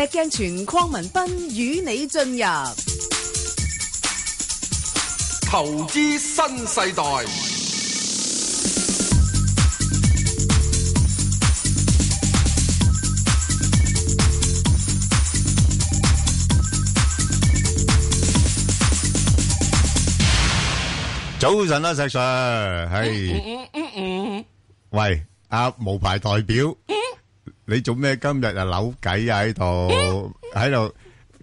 石鏡泉鄺文斌與你進入投資新世代。 早晨啊，石 Sir，係，嗯嗯嗯嗯、喂，阿、啊、無牌代表。你做咩？今日又扭計啊！喺度，喺度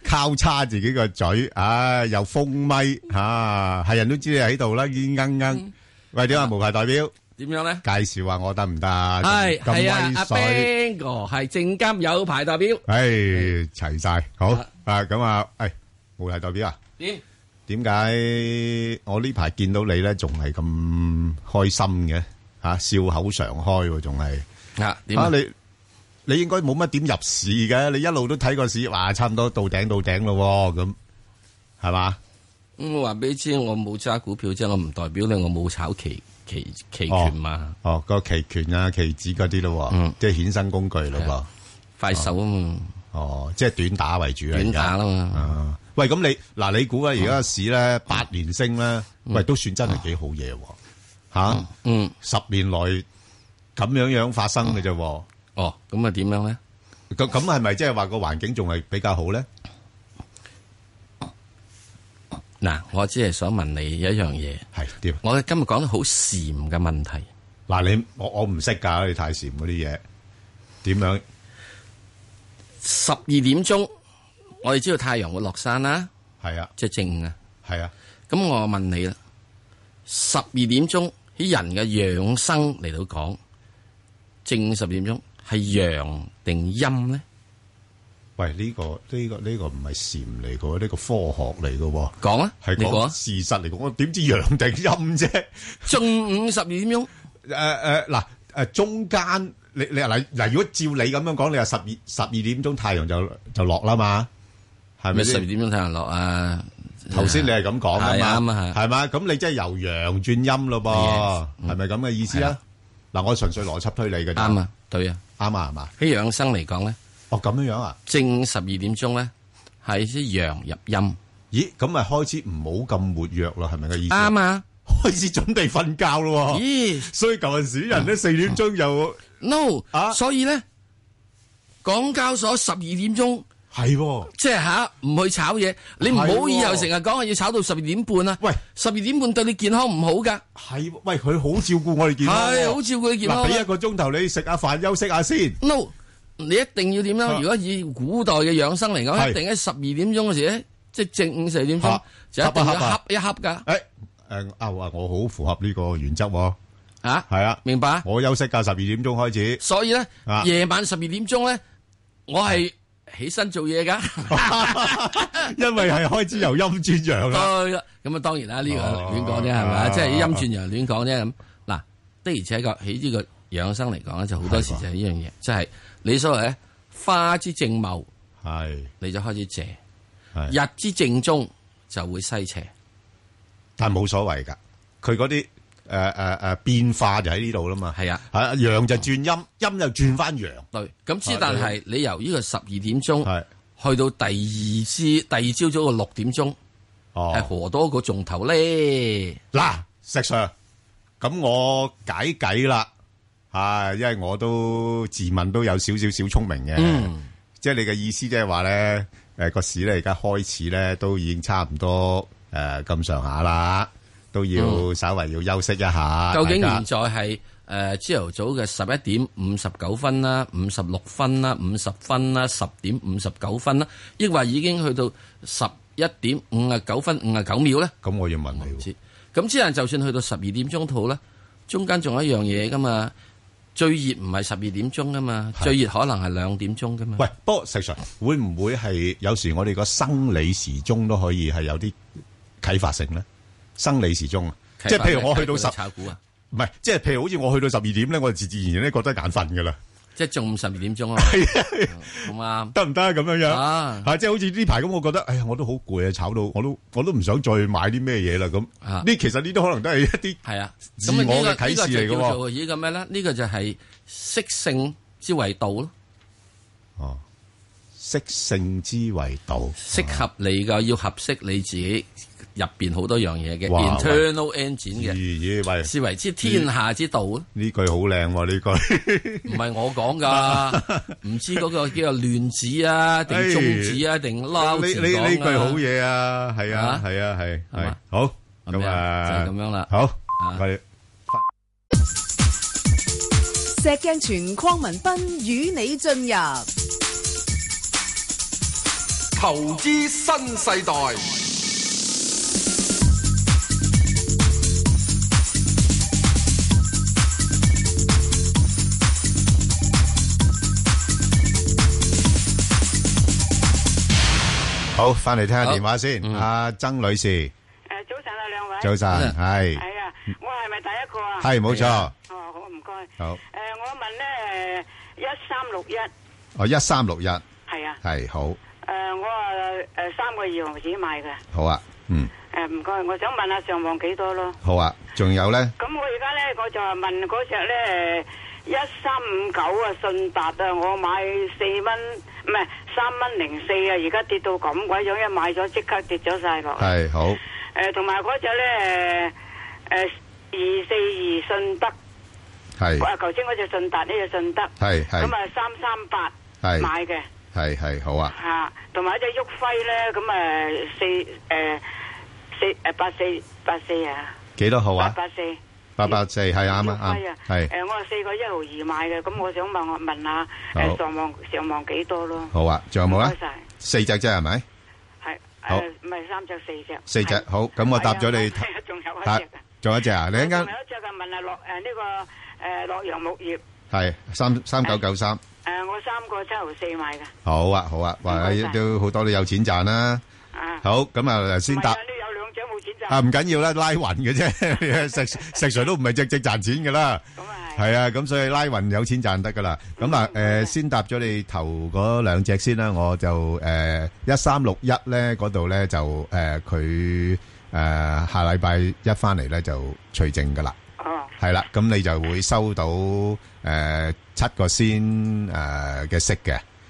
交叉自己個嘴，唉，又封咪吓，係人都知你喺度啦，煙罌罌。喂，點啊？無牌代表點樣咧？介紹下我得唔得？係係啊，阿 Ben 哥係正監有牌代表。唉，齊晒好啊！咁啊，唉，無牌代表啊？點？點解我呢排見到你咧，仲係咁開心嘅？吓，笑口常開，仲係啊？點解？你？你應該冇乜點入市嘅，你一路都睇個市話，差唔多到頂到頂咯咁，係嘛？咁我話俾你知，我冇揸股票啫，我唔代表你，我冇炒期期期權嘛。哦，個期權啊，期指嗰啲咯，即係衍生工具咯，快手啊嘛。哦，即係短打為主啦。短打啦。喂，咁你嗱，你估啊，而家市咧八連升咧，喂，都算真係幾好嘢吓。嗯，十年來咁樣樣發生嘅啫。哦，咁啊，點樣咧？咁咁係咪即係話個環境仲係比較好咧？嗱，我只係想問你一樣嘢，係點？我哋今日講得好禪嘅問題。嗱，你我我唔識噶，你太禪嗰啲嘢點樣？十二點鐘，我哋知道太陽會落山啦。係啊，即係正啊。係啊，咁我問你啦，十二點鐘喺人嘅養生嚟到講正十點鐘。係陽定陰咧？喂，呢個呢個呢個唔係禪嚟嘅，呢個科學嚟嘅。講啊，係講事實嚟講，我點知陽定陰啫？中午十二點鐘，誒誒，嗱誒，中間你你嗱嗱，如果照你咁樣講，你話十二十二點鐘太陽就就落啦嘛？係咪先？十二點鐘太陽落啊？頭先你係咁講啊嘛？係嘛？咁你即係由陽轉陰咯噃？係咪咁嘅意思啊？嗱，我純粹邏輯推理嘅啫。啱啊，對啊。啱啊，係嘛？喺養生嚟講咧，哦咁樣樣啊，正十二點鐘咧，係啲陽入陰。咦，咁咪開始唔好咁活躍啦，係咪個意思？啱啊吧，開始準備瞓覺咯。咦、欸，所以舊陣時人咧四點鐘又 No、嗯、啊，No, 啊所以咧，港交所十二點鐘。係喎，即係吓唔去炒嘢，你唔好以後成日講話要炒到十二點半啊！喂，十二點半對你健康唔好噶。係，喂，佢好照顧我哋健康。係，好照顧健康。嗱，俾一個鐘頭你食下飯，休息下先。No，你一定要點樣？如果以古代嘅養生嚟講，一定喺十二點鐘嗰時咧，即係正午十二點鐘，就一定要瞌一瞌噶。誒誒，啊話我好符合呢個原則喎。啊，係啊，明白啊。我休息㗎，十二點鐘開始。所以咧，夜晚十二點鐘咧，我係。起身做嘢噶， 因為係開始由陰轉陽啦。咁啊、哦哦，當然啦，呢個亂講啫，係咪啊？吧即係陰轉陽，亂講啫。咁嗱，的而且確喺呢個養生嚟講咧，就好多時就係呢樣嘢，即係吧、就是、你所謂咧花之正茂，係是你就開始謝，是日之正中就會西斜，但係冇所謂噶，佢啲。誒誒誒，變化就喺呢度啦嘛，係啊，係陽就轉陰，陰又轉翻陽，對，咁之但係你由呢個十二點鐘係是去到第二次第二朝早嘅六點鐘，哦，係何多個鐘頭？咧嗱、啊，石 Sir，咁我解解啦，吓、啊，因為我都自問都有少少小聰明嘅，嗯、即係你嘅意思，即係話咧，誒個市咧而家開始咧都已經差唔多誒咁上下啦。啊都要稍微要休息一下。嗯、家究竟現在係誒朝頭早嘅十一點五十九分啦、五十六分啦、五十分啦、十點五十九分啦，抑或已經去到十一點五啊九分五啊九秒咧？咁我要問你。咁之後，但就算去到十二點鐘都好，中間仲有一樣嘢㗎嘛。最熱唔係十二點鐘㗎嘛，的最熱可能係兩點鐘㗎嘛。喂，不過石常，會唔會係有時我哋個生理時鐘都可以係有啲啟發性呢？生理時鐘啊，即係譬如我去到十，炒股啊，唔係，即係譬如好似我去到十二點咧，我就自自然然咧覺得眼瞓噶啦，即係中午十二點鐘啦，啊，咁啱得唔得咁樣樣啊？即係好似呢排咁，我覺得哎呀，我都好攰啊，炒到我都我都唔想再去買啲咩嘢啦咁。呢、啊、其實呢都可能都係一啲係啊，自我嘅啟示嚟嘅。呢個咩咧？呢個就係適、呃這個、性之為道咯。哦、啊，適性之為道，適、啊、合你噶要合適你自己。入邊好多樣嘢嘅，變 internal engine 嘅，是為之天下之道。呢句好靚喎，呢句唔係我講噶，唔知嗰個叫做亂子啊，定中子啊，定撈錢講。呢呢句好嘢啊，係啊，係啊，係係好。咁啊，就咁樣啦。好，快啲！石鏡全框文斌與你進入投資新世代。好，翻嚟聽下電話先，阿曾女士。誒，早晨啊，兩位。早晨，係。係啊，我係咪第一個啊？係，冇錯。哦，好，唔該。好。誒，我問咧，一三六一。哦，一三六一。係啊。係，好。誒，我話誒三個二毫子買嘅。好啊，嗯。誒，唔該，我想問下上望幾多咯？好啊。仲有咧？咁我而家咧，我就問嗰隻咧。一三五九啊，59, 信達啊，我買四蚊，唔係三蚊零四啊，而家跌到咁鬼樣，一買咗即刻跌咗晒落。係好。誒、呃，同埋嗰隻咧，誒、呃，二四二信德。係。啊，頭先嗰隻信達呢隻信德。係係是。咁啊、呃，三三八。係、這個。買嘅的。係係好啊。吓，同埋一隻旭輝咧，咁、呃呃呃、啊，四誒四誒八四八四啊。幾多號啊？八四。八八四係啱啊！係誒，我係四個一毫二買嘅，咁我想問我問下誒，上望上望幾多咯？好啊，仲有冇啦？四隻啫係咪？係，好，唔係三隻四隻？四隻好，咁我答咗你。係，仲有一隻啊！你啱啱仲有一隻就問下洛誒呢個誒洛陽鉬業係三三九九三。誒，我三個七毫四買嘅。好啊好啊，話都好多都有錢賺啦。好，咁啊先答。啊，唔緊要啦，拉勻嘅啫，食 石誰都唔係隻隻賺錢嘅啦。咁 啊，係啊，咁所以拉勻有錢賺得噶啦。咁 啊，誒、呃、 先答咗你頭嗰兩隻先啦。我就誒、呃呃呃、一三六一咧嗰度咧，就誒佢，誒下禮拜一翻嚟咧就除淨噶啦。哦、 啊，係啦，咁你就會收到誒、呃、七個先誒嘅、呃、息嘅。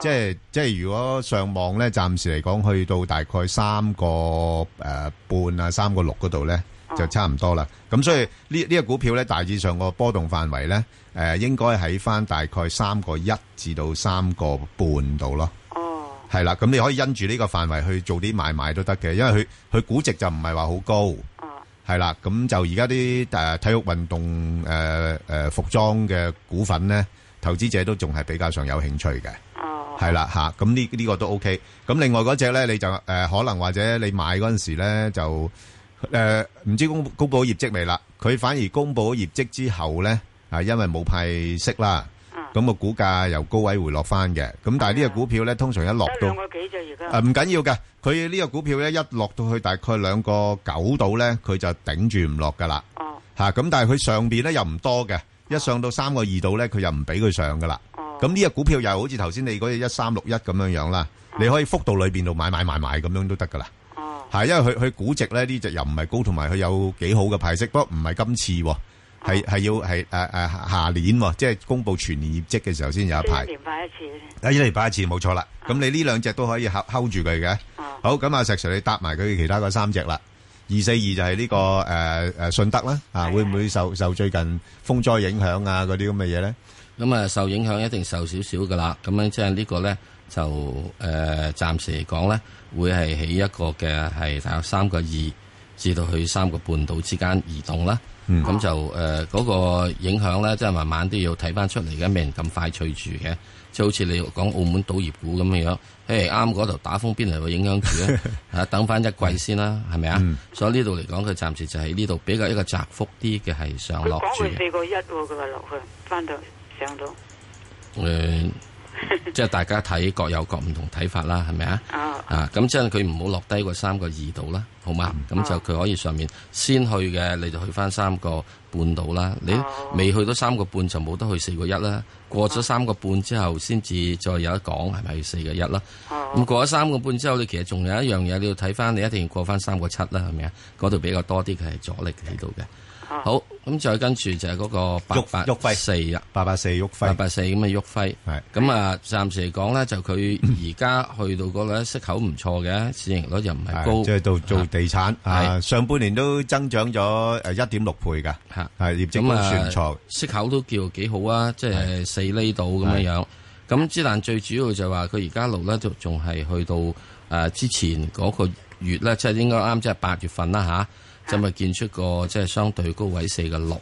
即係即係，如果上網咧，暫時嚟講去到大概三個誒半啊，三個六嗰度咧，就差唔多啦。咁所以呢呢、這個股票咧，大致上個波動範圍咧，誒、呃、應該喺翻大概三個一至到三個半度咯。哦、嗯，係啦，咁你可以因住呢個範圍去做啲買賣都得嘅，因為佢佢估值就唔係話好高。哦，係啦，咁就而家啲誒體育運動誒誒、呃呃、服裝嘅股份咧。投資者都仲係比較上有興趣嘅，係啦吓，咁呢呢個都 OK。咁另外嗰隻咧，你就誒可能或者你買嗰陣時咧就誒唔知公公布業績未啦？佢反而公布業績之後咧，啊因為冇派息啦，咁個股價由高位回落返嘅。咁但係呢隻股票咧，通常一落到兩個幾只而家誒，唔緊要嘅。佢呢隻股票咧，一落到去大概兩個九度咧，佢就頂住唔落噶啦。吓咁，但係佢上邊咧又唔多嘅。一上到三個二度咧，佢又唔俾佢上噶啦。哦，咁呢隻股票又好似頭先你嗰隻一三六一咁樣樣啦，你可以幅度裏邊度買買賣賣咁樣都得噶啦。哦，係因為佢佢估值咧，呢隻又唔係高，同埋佢有幾好嘅派息，不過唔係今次，係係要係誒誒下年，即係公布全年業績嘅時候先有一派。一年派一次。一年派一次冇錯啦。咁你呢兩隻都可以 hold 住佢嘅。好，咁阿石 Sir，你搭埋佢其他嗰三隻啦。二四二就係呢、這個誒誒信德啦，啊，啊會唔會受受最近風災影響啊嗰啲咁嘅嘢咧？咁啊、嗯、受影響一定受少少噶啦，咁、嗯、樣即係呢個咧就誒、呃、暫時嚟講咧，會係起一個嘅係大約三個二至到去三個半度之間移動啦，咁、嗯、就誒嗰、呃嗯、個影響咧，即係慢慢都要睇翻出嚟嘅，未咁快脆住嘅。就好似你講澳門賭業股咁嘅樣，誒啱嗰度打風邊嚟會影響住咧？嚇， 等翻一季先啦，係咪啊？是是啊嗯、所以呢度嚟講，佢暫時就喺呢度比較一個窄幅啲嘅係上落住。佢講佢四個一、哦，佢話落去翻到上到。誒、嗯。 即係大家睇各有各唔同睇法啦，係咪、oh. 啊？啊，咁即係佢唔好落低個三個二度啦，好嘛？咁、oh. 就佢可以上面先去嘅，你就去翻三個半度啦。你未去到三個半就冇得去四個一啦。過咗三個半之後，先至再有得講係咪？四個一啦。咁、oh. 過咗三個半之後，你其實仲有一樣嘢你要睇翻，你一定要過翻三個七啦，係咪啊？嗰度比較多啲，佢係阻力喺度嘅。好，咁再跟住就係嗰個八八四啊，八八四旭八八四咁啊旭輝，係咁啊，暫、嗯嗯、時嚟講咧就佢而家去到嗰個息口唔錯嘅，市盈率又唔係高，即係到做地產，係上半年都增長咗誒一點六倍噶，係是業績都算錯、嗯，息口都叫幾好啊，即係四厘度咁樣樣。咁之是是但最主要就話佢而家樓咧，就仲係去到誒之前嗰個月咧，即係應該啱即係八月份啦吓。啊就咪建出個即係相對高位四個六，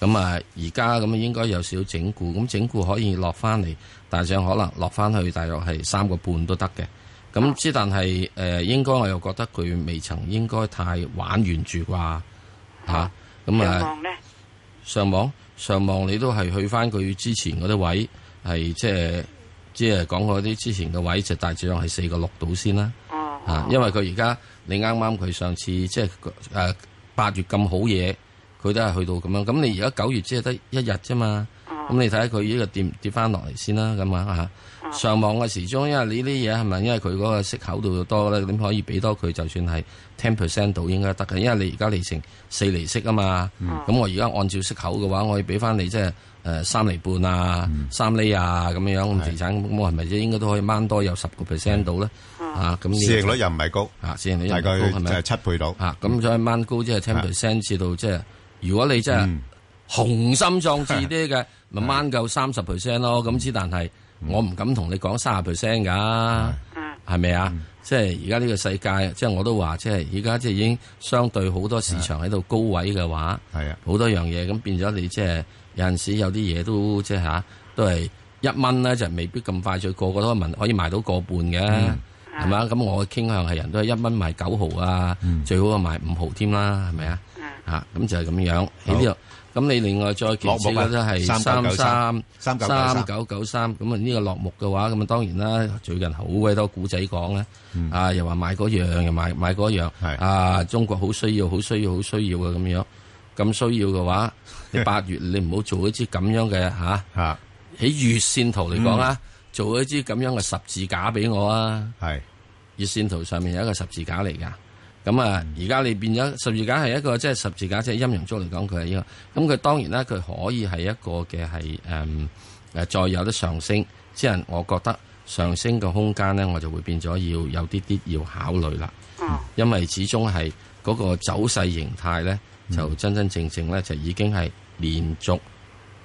咁啊而家咁啊應該有少整固，咁、嗯、整固可以落翻嚟，大漲可能落翻去，大約係三個半都得嘅。咁、嗯、之、啊、但係誒、呃，應該我又覺得佢未曾應該太玩完住啩嚇，咁啊，啊上，上網上網你都係去翻佢之前嗰啲位，係即係即係講嗰啲之前嘅位，就大致上係四個六到先啦。哦，嚇，因為佢而家。你啱啱佢上次即係誒八月咁好嘢，佢都係去到咁樣。咁你而家九月只係得一日啫嘛，咁你睇下佢呢個跌跌翻落嚟先啦，咁啊嚇。啊上網嘅時鐘，因為你啲嘢係咪？因為佢嗰個息口度多咧，點可以俾多佢？就算係 ten percent 到應該得嘅，因為你而家利成四厘息啊嘛。咁我而家按照息口嘅話，我以俾翻你即係誒三厘半啊、三厘啊咁樣咁地產，咁我係咪即係應該都可以掹多有十個 percent 到咧？啊，咁市盈率又唔係高啊，市盈率又唔係高，係咪七倍到？啊，咁所以掹高即係 ten percent 至到即係，如果你即係雄心壯志啲嘅，咪掹夠三十 percent 咯。咁之但係。我唔敢同你講三十 percent 噶，係咪啊？即係而家呢個世界，即係我都話，即係而家即係已經相對好多市場喺度高位嘅話，係的啊，好多樣嘢咁變咗，你即係有陣時有啲嘢都即係吓，都係一蚊咧就未必咁快速，個個都可可以賣到個半嘅，係嘛、嗯？咁我傾向係人都係一蚊賣九毫啊，嗯、最好就賣五毫添啦，係咪啊？啊，咁就係咁樣喺呢度。咁好、啊、你另外再見到嗰啲係三三三九九三，咁啊呢個落幕嘅話，咁啊當然啦，最近好鬼多古仔講咧，嗯、啊又話買嗰樣，又買買嗰樣，是啊中國好需要，好需要，好需要嘅咁樣。咁需要嘅話，你八月 你唔好做一支咁樣嘅嚇。喺、啊、是月線圖嚟講啦，嗯、做一支咁樣嘅十字架俾我啊是。月線圖上面有一個十字架嚟㗎。咁啊！而家你變咗十字架係一個，即係十字架即係陰陽燭嚟講，佢係一個。咁佢當然啦，佢可以係一個嘅係誒誒，再、嗯、有得上升，即係我覺得上升嘅空間咧，我就會變咗要有啲啲要考慮啦。嗯、因為始終係嗰個走勢形態咧，就真真正正咧就已經係連續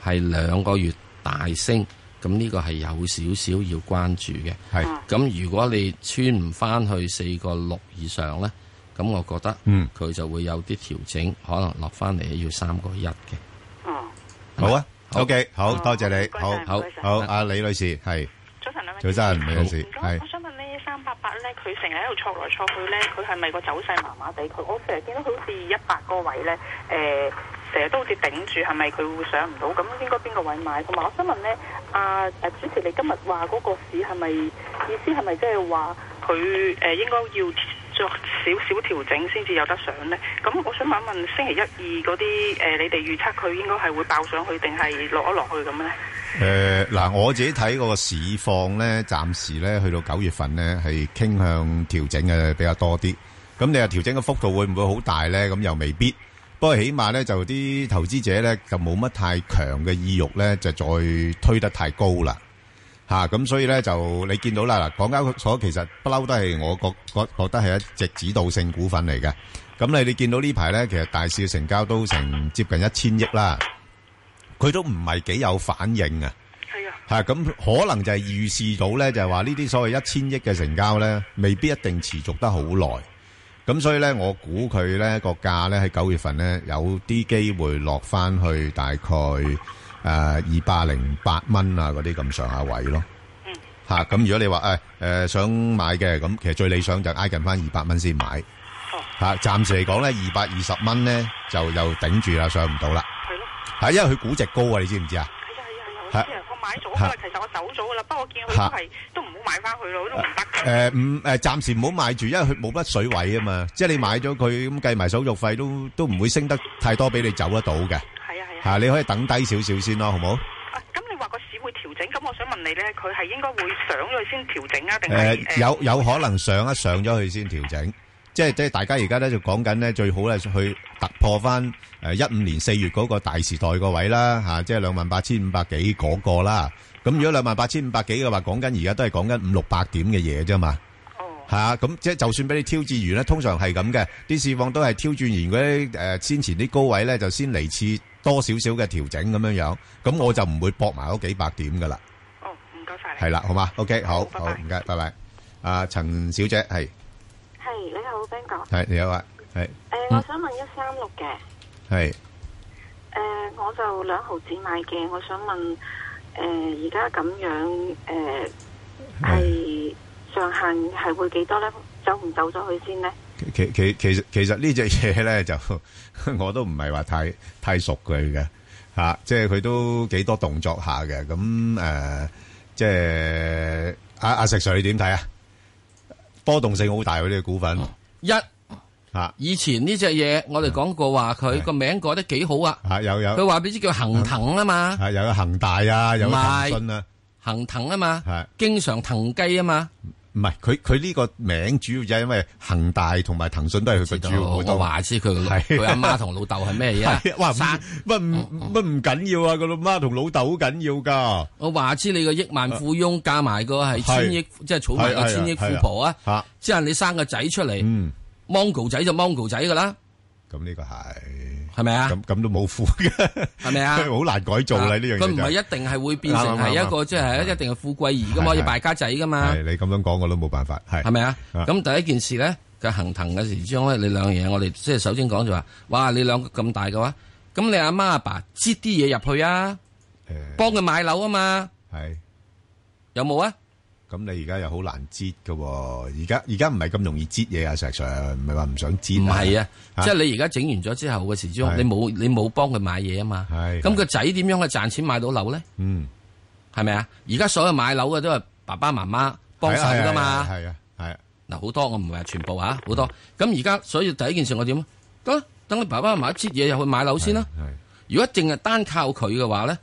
係兩個月大升，咁呢個係有少少要關注嘅。係、嗯，咁、嗯、如果你穿唔翻去四個六以上咧？咁我覺得，嗯，佢就會有啲調整，可能落翻嚟要三個一嘅。哦，好啊，OK，好多謝你，好，好，好，阿李女士，係早晨，早晨，李女士，係，我想問咧，三八八咧，佢成日喺度錯來錯去咧，佢係咪個走勢麻麻地？佢我成日見到佢好似一百個位咧，誒，成日都好似頂住，係咪佢會上唔到？咁應該邊個位買？同埋我想問咧，阿誒主持，你今日話嗰個市係咪意思係咪即係話佢誒應該要？做少少調整先至有得上呢，咁我想問問星期一二嗰啲，誒，你哋預測佢應該係會爆上去定係落一落去咁呢？誒，嗱，我自己睇個市況呢，暫時呢去到九月份呢係傾向調整嘅比較多啲。咁你話調整嘅幅度會唔會好大呢？咁又未必。不過起碼呢就啲投資者呢就冇乜太強嘅意欲呢，就再推得太高啦。啊，咁所以咧就你見到啦嗱，港交所其實不嬲都係我覺覺覺得係一隻指導性股份嚟嘅。咁你你見到呢排咧，其實大市嘅成交都成接近一千億啦，佢都唔係幾有反應啊。係啊，嚇咁、啊、可能就係預示到咧，就係話呢啲所謂一千億嘅成交咧，未必一定持續得好耐。咁所以咧，我估佢咧個價咧喺九月份咧有啲機會落翻去大概。誒，二百零八蚊啊，嗰啲咁上下位咯。嗯。吓，咁如果你話誒，誒想買嘅，咁其實最理想就挨近翻二百蚊先買。哦。吓，暫時嚟講咧，二百二十蚊咧就又頂住啦，上唔到啦。係咯。係，因為佢估值高啊，你知唔知啊？係啊係啊係啊！我買咗啊，其實我走咗噶啦，不過我見佢都係都唔好買翻去咯，都唔得嘅。誒，唔誒，暫時唔好買住，因為佢冇乜水位啊嘛。即係你買咗佢咁計埋手續費，都都唔會升得太多，俾你走得到嘅。吓，你可以等低少少先咯，好唔好？咁、啊、你話個市會調整，咁我想問你咧，佢係應該會上咗去先調整啊？定係、呃呃、有有可能上一上咗去先調整？即係即係大家而家咧就講緊咧，最好咧去突破翻誒一五年四月嗰個大時代個位啦，吓、啊，即係兩萬八千五百幾嗰個啦。咁如果兩萬八千五百幾嘅話，講緊而家都係講緊五六百點嘅嘢啫嘛。哦，係啊，咁即係就算俾你挑戰完咧，通常係咁嘅，啲市況都係挑戰完嗰啲誒先前啲高位咧，就先嚟次。多少少嘅調整咁樣樣，咁我就唔會搏埋嗰幾百點噶啦。哦，唔該晒你。係啦，好嘛，OK，好，好，唔該，拜拜。啊，陳小姐，係係你好，Ben 哥，係你好啊，係。誒，我想問一三六嘅係誒，我就兩毫子買嘅，我想問誒，而家咁樣誒係上限係會幾多咧？走唔走咗去先咧？其其其實其實隻呢隻嘢咧，就我都唔係話太太熟佢嘅吓，即係佢都幾多動作下嘅，咁、啊、誒，即係阿阿石 Sir 你點睇啊？波動性好大呢個股份，啊、一吓、啊、以前呢隻嘢我哋講過話佢個名改得幾好啊，吓有、啊啊、有，佢話俾啲叫恒騰啊嘛，吓、啊、有恒大啊，有騰訊啊，恒騰啊嘛，係、啊、經常騰雞啊嘛。是啊唔係，佢佢呢個名主要就係因為恒大同埋騰訊都係佢個主要股東。我話知佢佢阿媽同老豆係咩嘢啊？哇！乜乜唔緊要啊！個老媽同老豆好緊要噶，嗯。嗯、我話知你個億萬富翁加埋個係千億，是即係娶埋個千億富婆啊！啊，即係你生個仔出嚟，芒果仔就芒果仔噶啦。咁呢個係。嗯嗯嗯嗯嗯嗯嗯係咪啊？咁咁都冇富嘅，係咪啊？好難改造啦呢樣嘢。佢唔係一定係會變成係一個即係一定係富貴兒噶嘛，可以敗家仔噶嘛。你咁樣講我都冇辦法，係，係咪啊？咁第一件事咧，佢行騰嘅時之中咧，你兩樣嘢我哋即係首先講就話，哇！你兩個咁大嘅話，咁你阿媽阿爸擠啲嘢入去啊，幫佢買樓啊嘛，係有冇啊？咁你而家又好難折嘅，而家而家唔係咁容易折嘢啊！石常唔係話唔想折。唔係啊，即係你而家整完咗之後嘅時之，你冇你冇幫佢買嘢啊嘛。係。咁個仔點樣去賺錢買到樓咧？嗯，係咪啊？而家所有買樓嘅都係爸爸媽媽幫手噶嘛。係啊，係啊，嗱，好多我唔係話全部吓，好多。咁而家所以第一件事我點？得，等你爸爸媽媽折嘢入去買樓先啦。如果淨係單靠佢嘅話咧，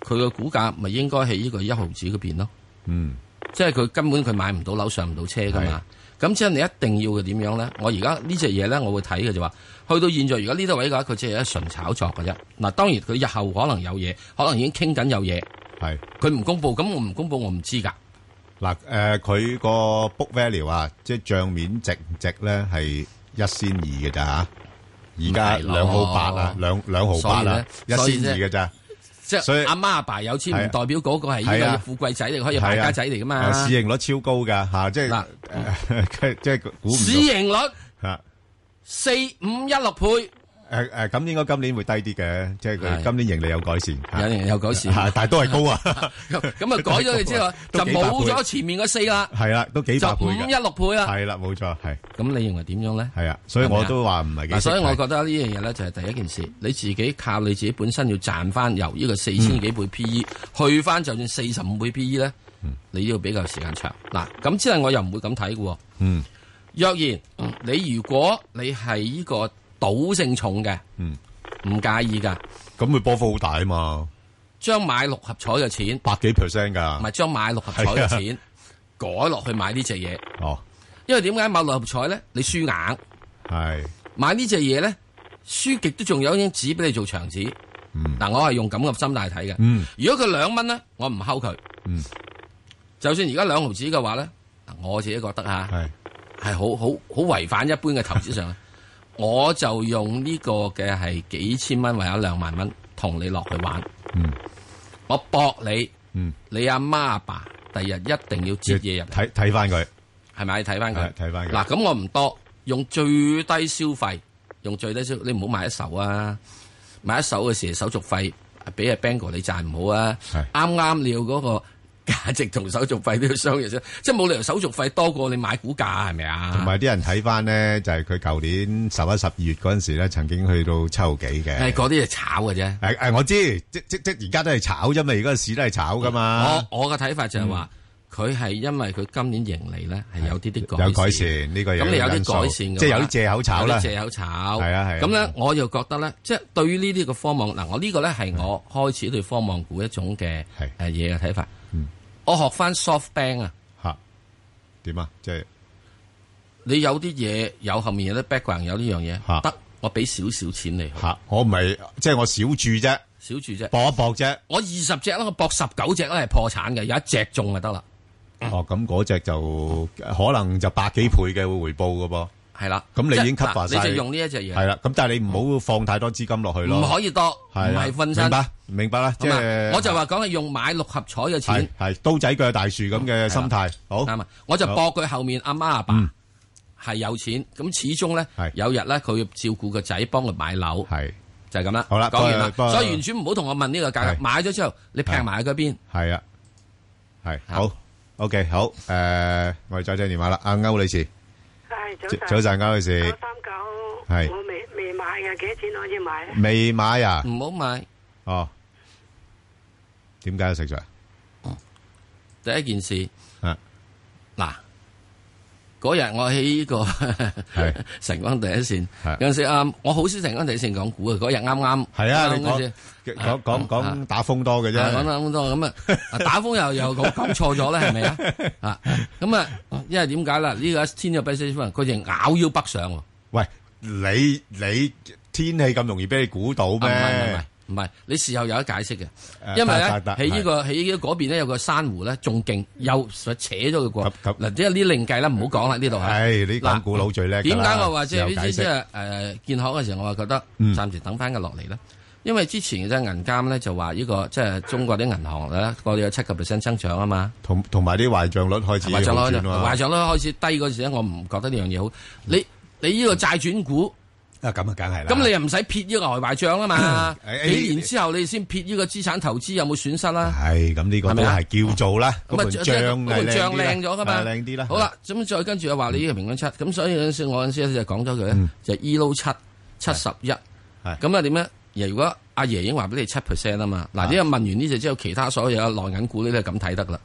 佢嘅股價咪應該喺呢個一毫紙嗰邊咯。嗯。即係佢根本佢買唔到樓上唔到車噶嘛，咁是即係你一定要佢點樣咧？我而家呢隻嘢咧，我會睇嘅就話，是，去到現在如果呢度位嘅話，佢只係一純炒作嘅啫。嗱，當然佢日後可能有嘢，可能已經傾緊有嘢。係是，佢唔公佈，咁我唔公佈，我唔知㗎。嗱，呃，誒，佢個 book value 啊，即係帳面值唔值咧，係一仙二嘅咋嚇？而家兩毫八啊，毫八,兩兩毫八啦，一仙二嘅咋？所以阿媽阿爸有錢唔代表嗰個係呢個富貴仔嚟，啊、可以敗家仔嚟噶嘛？市盈率超高噶吓、啊，即係嗱，啊、 即係估唔到市盈率吓、啊、四五一六倍。誒誒，咁應該今年會低啲嘅，即係佢今年盈利有改善，有有改善，但係都係高啊。咁啊，改咗佢之後就冇咗前面嗰四啦。係啦，都幾百就五一六倍啦。係啦，冇錯，係。咁你認為點樣咧？係啊，所以我都話唔係幾。所以我覺得呢樣嘢咧，就係第一件事，你自己靠你自己本身要賺翻由呢個四千幾倍 P E 去翻，就算四十五倍 P E 咧，你都要比較時間長。嗱，咁之後我又唔會咁睇嘅。嗯，若然你如果你係呢個。賭性重嘅，嗯，唔介意噶，咁佢波幅好大啊嘛，將買六合彩嘅錢，百幾 percent 噶，唔係將買六合彩嘅錢改落去買呢隻嘢，哦，因為點解買六合彩咧？你輸硬，係買呢隻嘢咧，輸極都仲有一張紙俾你做牆紙，嗱，我係用咁嘅心態睇嘅，如果佢兩蚊咧，我唔睺佢，就算而家兩毫紙嘅話咧，我自己覺得吓，係係好好好違反一般嘅投資上。我就用呢個嘅係幾千蚊或者兩萬蚊同你落去玩，嗯、我搏你，嗯、你阿媽阿爸第日一定要接嘢入嚟，睇睇翻佢，係咪？睇翻佢，睇翻佢。嗱，咁我唔多，用最低消費，用最低消，你唔好買一手啊！買一手嘅時候手續費俾阿 bangle 你賺唔好啊！啱啱了個。價值同手續費都要相約啫，即係冇理由手續費多過你買股價係咪啊？同埋啲人睇翻咧，就係佢舊年十一、十二月嗰陣時咧，曾經去到七號幾嘅。誒，嗰啲係炒嘅啫。誒誒，我知，即即即而家都係炒啫嘛，而家市都係炒噶嘛。我我嘅睇法就係話，佢係因為佢今年盈利咧係有啲啲改善，有改善呢個咁你有啲改善，即係有啲借口炒啦，借口炒係啊係。咁咧，我又覺得咧，即係對於呢啲嘅科網嗱，我呢個咧係我開始對科網股一種嘅誒嘢嘅睇法。我學翻 soft bank 啊，吓點啊，啊？即係你有啲嘢有後面有啲 background 有呢樣嘢，得、啊、我俾少少錢你，吓、啊、我唔係即係我少注啫，少注啫，搏一搏啫。我二十隻啦，我搏十九隻都係破產嘅，有一隻中就得啦。嗯、哦，咁嗰隻就可能就百幾倍嘅回報噶噃。係啦，咁你已經吸納晒，係啦。咁但係你唔好放太多資金落去咯，唔可以多，唔係分散。明白，明白啦。即係我就話講係用買六合彩嘅錢，係刀仔鋸大樹咁嘅心態。好啱啊！我就博佢後面阿媽阿爸係有錢，咁始終咧有日咧佢要照顧個仔，幫佢買樓，係就係咁啦。好啦，講完啦，所以完全唔好同我問呢個價格。買咗之後你劈埋喺邊，係啊，係好。OK，好。誒，我哋再接電話啦。阿歐女士。早陣嗰時，九三九係，我未未買嘅，幾多錢可以買咧？未買啊？唔好買哦！點解要食在？第一件事啊，嗱。嗰日我喺呢個城邦第一線，有陣時啊，我好少城邦第一線講股嘅。嗰日啱啱係啊，你講講講講打風多嘅啫，講得多咁啊，打風又又講講錯咗咧，係咪啊？啊，咁啊，因為點解啦？呢個天氣俾四分，佢就咬腰北上喎。喂，你你天氣咁容易俾你估到咩？唔係，你事後有得解釋嘅，因為咧喺呢個喺嗰邊咧有個珊瑚咧，仲勁又扯咗佢過嗱，即係呢另計啦，唔好講啦呢度係啲老古佬最叻。點解我話即係呢啲即係誒建行嘅時候，我就覺得暫時等翻佢落嚟咧，嗯、因為之前即係銀監咧就話呢、這個即係、就是、中國啲銀行咧，我有七個 percent 增長啊嘛，同同埋啲壞賬率開始壞賬率，壞賬率開始低嗰時咧，我唔覺得呢樣嘢好。你你呢個債轉股？啊咁啊，梗係啦！咁你又唔使撇呢個壞賬啊嘛，幾年之後你先撇呢個資產投資有冇損失啦？係咁呢個係叫做啦，盤賬嘅盤賬靚咗㗎嘛，靚啲啦。好啦，咁再跟住又話你呢個平均七，咁所以嗰陣時我嗰陣時就講咗佢咧，就 ELO 七七十一，咁啊點咧？如果阿爺已經話俾你七 percent 啊嘛，嗱，呢個問完呢隻之後其他所有嘅內銀股你都係咁睇得啦。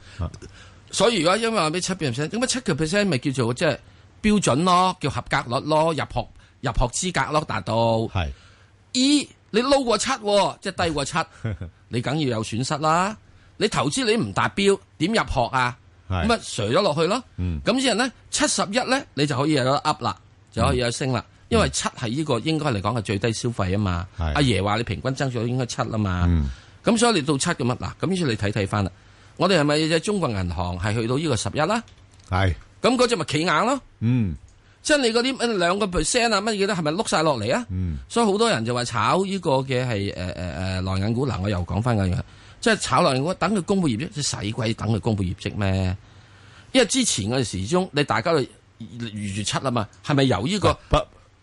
所以如果因為話俾七 percent，咁啊七 percent 咪叫做即係標準咯，叫合格率咯，入學。入學資格咯，達到。係，咦你撈過七，即係低過七，你梗要有損失啦。你投資你唔達標，點入學啊？咁啊 s 咗落去咯。咁啲人咧七十一咧，你就可以有得 up 啦，就可以有升啦。因為七係呢個應該嚟講係最低消費啊嘛。阿爺話你平均增長應該七啦嘛。咁所以你到七嘅乜嗱？咁於是你睇睇翻啦，我哋係咪喺中國銀行係去到呢個十一啦？係，咁嗰隻咪企硬咯。嗯。即係你嗰啲兩個 percent 啊乜嘢都係咪碌晒落嚟啊？是是嗯、所以好多人就話炒呢個嘅係誒誒誒內銀股，嗱、呃、我又講翻咁樣，即係炒內銀股，等佢公布業績，使鬼等佢公布業績咩？因為之前嗰陣時中，你大家都預住出啦嘛，係咪由呢、這個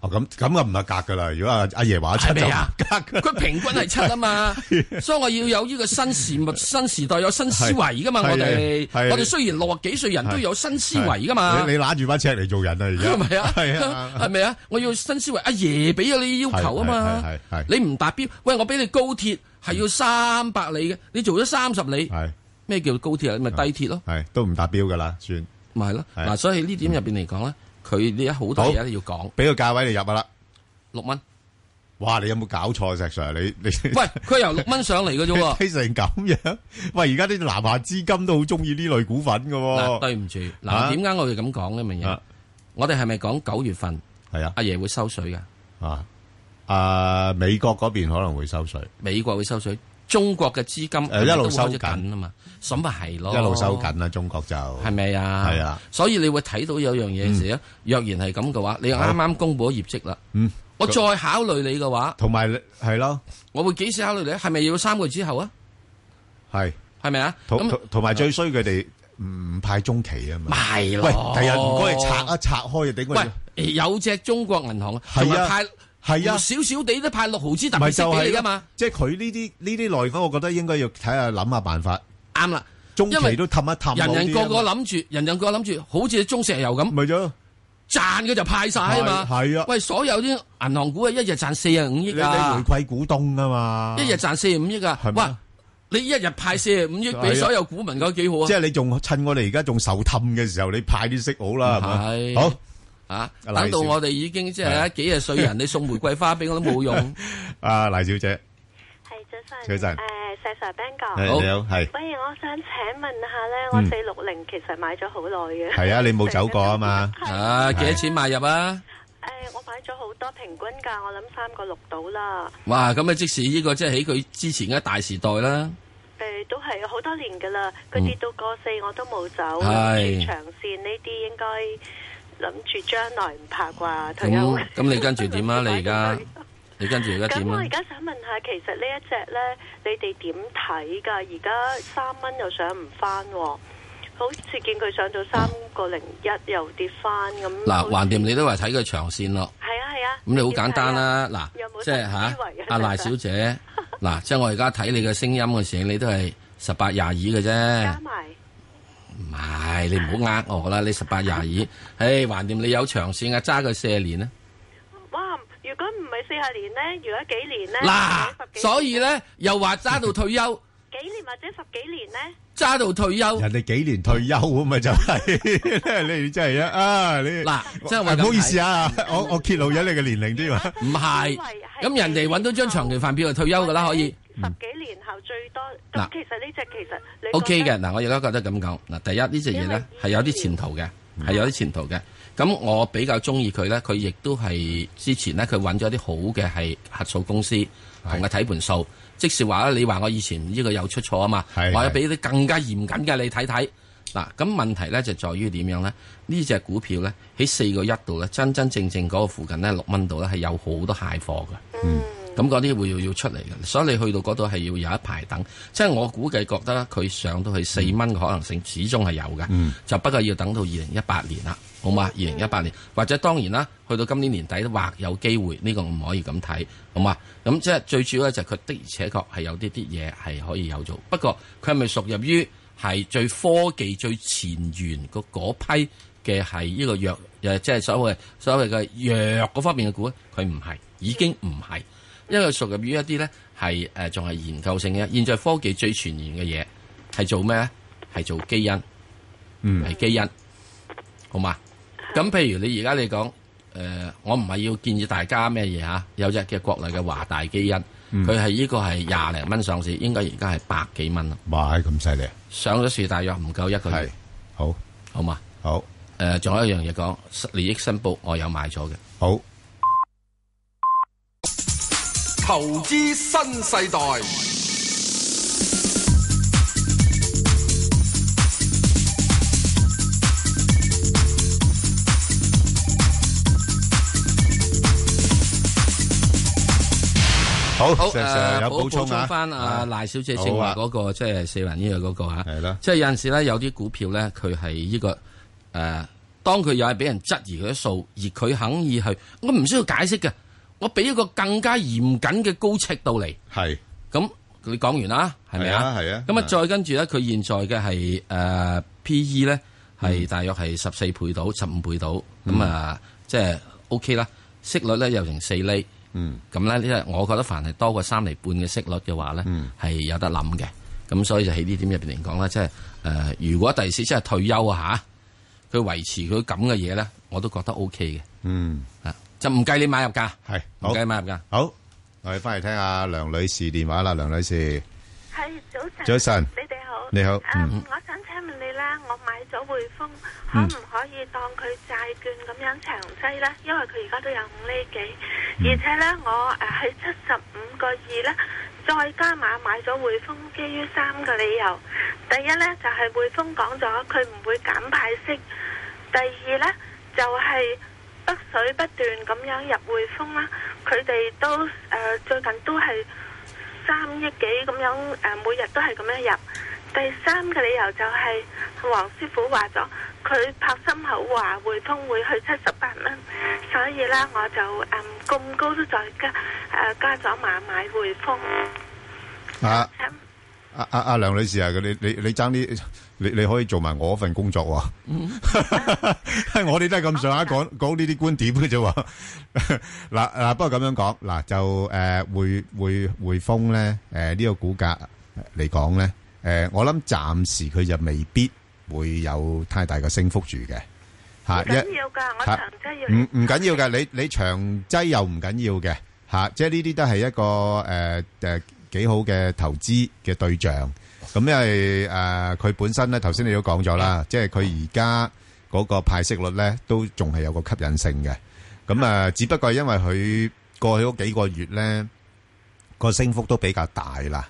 哦，咁咁啊唔合格噶啦！如果阿阿爺話合格，佢平均係七啊嘛，所以我要有呢個新事物、新時代有新思維噶嘛，我哋我哋雖然六十幾歲人都有新思維噶嘛，你你攞住把尺嚟做人啊，而家係咪啊？係啊，係咪啊？我要新思維，阿爺俾咗你要求啊嘛，你唔達標，喂，我俾你高鐵係要三百里嘅，你做咗三十里，咩叫高鐵啊？咪低鐵咯，係都唔達標噶啦，算咪係咯？嗱，所以呢點入邊嚟講咧。佢呢一好多嘢，一定要講。俾個價位你入啊啦，六蚊。哇，你有冇搞錯，石 Sir？你你喂，佢由六蚊上嚟嘅啫喎。變成咁樣？喂，而家啲南下資金都好中意呢類股份嘅。對唔住，嗱，點解我哋咁講呢？明日，我哋係咪講九月份？係啊，阿爺會收水嘅。啊，誒，美國嗰邊可能會收水。美國會收水，中國嘅資金誒一路收緊啊嘛。咁咪係咯，一路收緊啦，中國就係咪啊？係啊，所以你會睇到有樣嘢嘅，若然係咁嘅話，你啱啱公布咗業績啦，我再考慮你嘅話，同埋係咯，我會幾時考慮你？係咪要三個月之後啊？係係咪啊？同埋最衰佢哋唔派中期啊嘛，係咯。喂，第日唔該你拆一拆開啊，頂我。喂，有隻中國銀行啊，係啊，係啊，有少少哋都派六毫子特別股嚟噶嘛。即係佢呢啲呢啲內規，我覺得應該要睇下諗下辦法。啱啦，因為中期都氹一氹，人人個個諗住，人人個個諗住，好似你中石油咁，咪咗賺嘅就派晒啊嘛，係啊，喂，所有啲銀行股啊，一日賺四啊五億，你回饋股東啊嘛，一日賺四啊五億啊，哇，你一日派四啊五億俾所有股民，有幾好啊？即係你仲趁我哋而家仲受氹嘅時候，你派啲息好啦，係嘛？好啊，等到我哋已經即係幾廿歲人，你送玫瑰花俾我都冇用。阿賴小姐，係早晨，早晨。係，你好，係。不如我想請問下咧，我四六零其實買咗好耐嘅。係啊，你冇走過啊嘛？啊，幾多錢買入啊？誒，我買咗好多平均價，我諗三個六到啦。哇，咁啊，即使呢個即係喺佢之前嘅大時代啦。誒，都係好多年噶啦，佢跌到過四，我都冇走。係。長線呢啲應該諗住將來唔怕啩。咁咁，你跟住點啊？你而家？你跟住而家點？咁我而家想問下，其實呢一隻咧，你哋點睇噶？而家三蚊又上唔翻，好似見佢上到三個零一又跌翻咁。嗱，橫掂、啊、你都話睇佢長線咯。係啊係啊，咁、啊、你好簡單、啊啊、啦。嗱，即係嚇，阿實、啊、賴小姐，嗱， 即係我而家睇你嘅聲音嘅時候，你都係十八廿二嘅啫。加埋唔係，你唔好呃我啦，你十八廿二，誒橫掂你有長線啊，揸佢四年啊！如果唔係四十年咧，如果幾年咧？嗱，所以咧又話揸到退休，幾年或者十幾年咧？揸到退休，人哋幾年退休咁咪就係，你真係啊啊你嗱，真係唔好意思啊，我我揭露咗你嘅年齡添啊，唔係，咁人哋搵到張長期飯票去退休噶啦，可以十幾年後最多，咁其實呢隻其實 OK 嘅。嗱我而家覺得咁講，嗱第一呢隻嘢咧係有啲前途嘅，係有啲前途嘅。咁我比較中意佢呢，佢亦都係之前呢，佢揾咗啲好嘅係核數公司同佢睇盤數。是即是話你話我以前呢個有出錯啊嘛，我是要俾啲更加嚴謹嘅你睇睇。嗱，咁問題呢，就在於點樣呢？呢隻股票呢，喺四個一度呢，真真正正嗰個附近呢，六蚊度呢，係有好多蟹貨嘅。嗯。咁嗰啲會要要出嚟嘅，所以你去到嗰度係要有一排等。即係我估計覺得佢上到去四蚊嘅可能性始終係有嘅，嗯、就不過要等到二零一八年啦。好嘛，二零一八年或者當然啦，去到今年年底都或有機會。呢個唔可以咁睇，好嘛？咁即係最主要嘅就係佢的而且確係有呢啲嘢係可以有做，不過佢係咪屬入於係最科技最前沿嗰批嘅係呢個藥誒，即係所謂所謂嘅藥嗰方面嘅股咧？佢唔係已經唔係。因為屬於一啲咧係誒仲係研究性嘅，現在科技最前沿嘅嘢係做咩咧？係做基因，嗯，係基因，好嘛？咁譬如你而家你講誒、呃，我唔係要建議大家咩嘢啊？有隻嘅國內嘅華大基因，佢係呢個係廿零蚊上市，應該而家係百幾蚊啊。哇！咁犀利，上咗市大約唔夠一個月，好，好嘛？好誒，仲、呃、有一樣嘢講，利益申報我有買咗嘅，好。投資新世代，好，誒，補補充翻、啊、阿、啊啊、賴小姐正話嗰個、啊、即係四萬億嗰個嚇，係啦、啊，即係有陣時咧有啲股票咧，佢係呢個誒、啊，當佢又係俾人質疑佢啲數，而佢肯意去，我唔需要解釋嘅。我俾一個更加嚴謹嘅高尺度嚟，係咁是你講完啦，係咪啊？係啊，咁啊，啊再跟住咧，佢現在嘅係誒 P E 咧，係、呃嗯、大約係十四倍到十五倍到，咁啊、嗯，即係 OK 啦。息率咧又成四厘，嗯，咁咧，因為我覺得凡係多過三厘半嘅息率嘅話咧，係、嗯、有得諗嘅。咁所以就喺呢點入邊嚟講咧，即係誒、呃，如果第四即係退休啊嚇，佢維持佢咁嘅嘢咧，我都覺得 OK 嘅，嗯。就唔計你買入價，係唔計買入價。好，我哋翻嚟聽下梁女士電話啦，梁女士。係早晨。早晨，你哋好，你好。嗯，我想請問你咧，我買咗匯豐，可唔可以當佢債券咁樣長揸咧？因為佢而家都有五厘幾，而且咧我誒喺七十五個二咧，再加碼買咗匯豐，基於三個理由。第一咧就係匯豐講咗佢唔會減派息，第二咧就係。北水不斷咁樣入匯豐啦，佢哋都誒最近都係三億幾咁樣誒，每日都係咁樣入。第三個理由就係黃師傅話咗，佢拍心口話匯豐會去七十八蚊，所以咧我就誒咁高都再加誒加咗碼買匯豐。阿阿阿阿梁女士啊，你你你爭啲。你你可以做埋我份工作，我哋都係咁上下講講呢啲觀點嘅啫。嗱，嗱，不過咁樣講，嗱就誒匯匯匯豐咧，誒呢個股價嚟講咧，誒我諗暫時佢就未必會有太大嘅升幅住嘅。吓，唔緊要噶，我長揸要唔唔緊要噶，你你長揸又唔緊要嘅吓，即係呢啲都係一個誒誒幾好嘅投資嘅對象。咁因為誒，佢本身咧，頭先你都講咗啦，即係佢而家嗰個派息率咧，都仲係有個吸引性嘅。咁啊，只不過因為佢過去嗰幾個月咧，個升幅都比較大啦，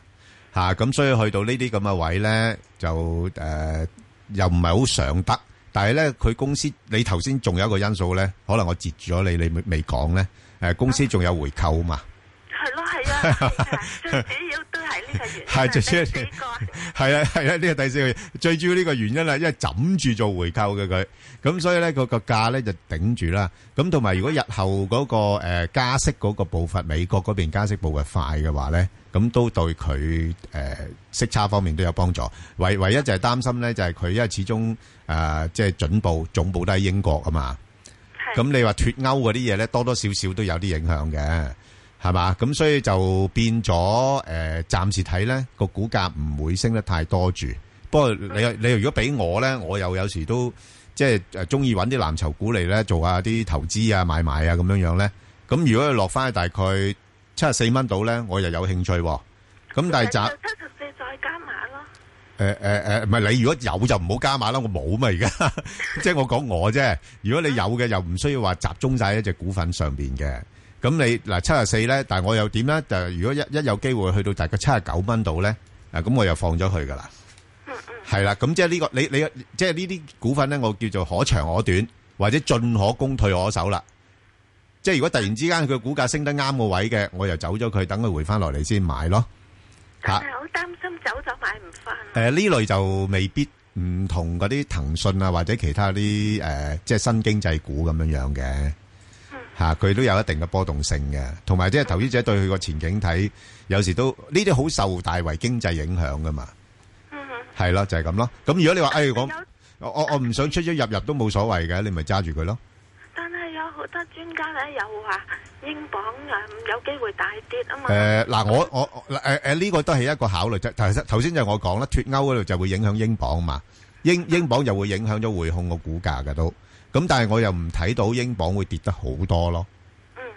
吓咁，所以去到呢啲咁嘅位咧，就誒又唔係好上得。但係咧，佢公司你頭先仲有一個因素咧，可能我截住咗你，你未未講咧。誒，公司仲有回購嘛？係咯，係啊，最主要。係最主要，係啊係啊，呢個第四個，最主要呢個原因啦，因為枕住做回購嘅，佢，咁所以咧，個價咧就頂住啦。咁同埋如果日後嗰個誒加息嗰個步伐，美國嗰邊加息步伐快嘅話咧，咁都對佢誒息差方面都有幫助。唯唯一就係擔心咧，就係佢因為始終誒即係準保總部都喺英國啊嘛。咁你話脫歐嗰啲嘢咧，多多少少都有啲影響嘅。係嘛？咁所以就變咗誒，暫、呃、時睇咧個股價唔會升得太多住。不過你你如果俾我咧，我又有時都即係誒，中意揾啲藍籌股嚟咧做下啲投資啊、買賣啊咁樣樣咧。咁如果落翻去大概七十四蚊度咧，我又有興趣、啊。咁但係集七十四再加碼咯。誒誒誒，唔、呃、係、呃、你如果有就唔好加碼啦，我冇嘛、啊、 而家。即係我講我啫。如果你有嘅， 又唔需要話集中晒一隻股份上邊嘅。咁你嗱七十四咧，但係我又點咧？就係如果一一有機會去到大概七十九蚊度咧，啊咁我又放咗佢噶啦，係啦。咁即係呢個你你即係呢啲股份咧，我叫做可長可短，或者進可攻退可守啦。即係如果突然之間佢嘅股價升得啱個位嘅，我又走咗佢，等佢回翻落嚟先買咯。但係好擔心走咗買唔翻。誒呢類就未必唔同嗰啲騰訊啊或者其他啲誒即係新經濟股咁樣樣嘅。吓，佢都有一定嘅波動性嘅，同埋即係投資者對佢個前景睇，有時都呢啲好受大圍經濟影響噶嘛，係咯，就係咁咯。咁如果你話誒我我我唔想出出入入都冇所謂嘅，你咪揸住佢咯。但係有好多專家咧又話英鎊啊有機會大跌啊嘛。誒嗱我我誒誒呢個都係一個考慮啫。頭先頭先就我講啦，脱歐嗰度就會影響英鎊嘛，英英鎊又會影響咗匯控個股價噶都。咁但係我又唔睇到英鎊會跌得好多咯，